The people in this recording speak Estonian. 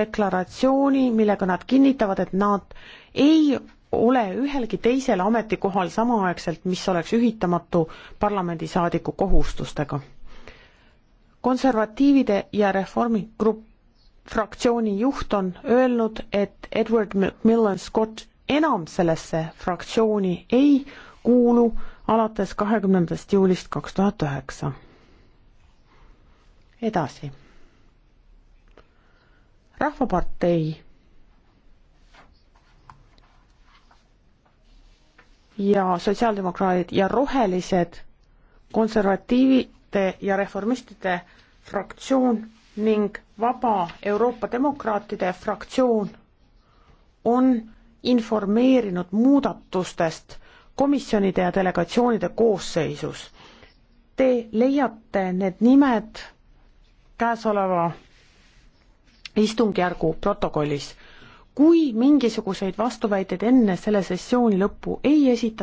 deklaratsiooni, millega nad kinnitavad, et nad ei ole ühelgi teisel ametikohal samaaegselt, mis oleks ühitamatu parlamendisaadiku kohustustega. konservatiivide ja reformi grupp, fraktsiooni juht on öelnud, et Edward Millen Scott enam sellesse fraktsiooni ei kuulu alates kahekümnendast juulist kaks tuhat üheksa. edasi Rahvapartei ja sotsiaaldemokraadid ja rohelised, konservatiivide ja reformistide fraktsioon ning Vaba Euroopa Demokraatide fraktsioon on informeerinud muudatustest komisjonide ja delegatsioonide koosseisus. Te leiate need nimed käesoleva istungjärgu protokollis. kui mingisuguseid vastuväiteid enne selle sessiooni lõppu ei esita,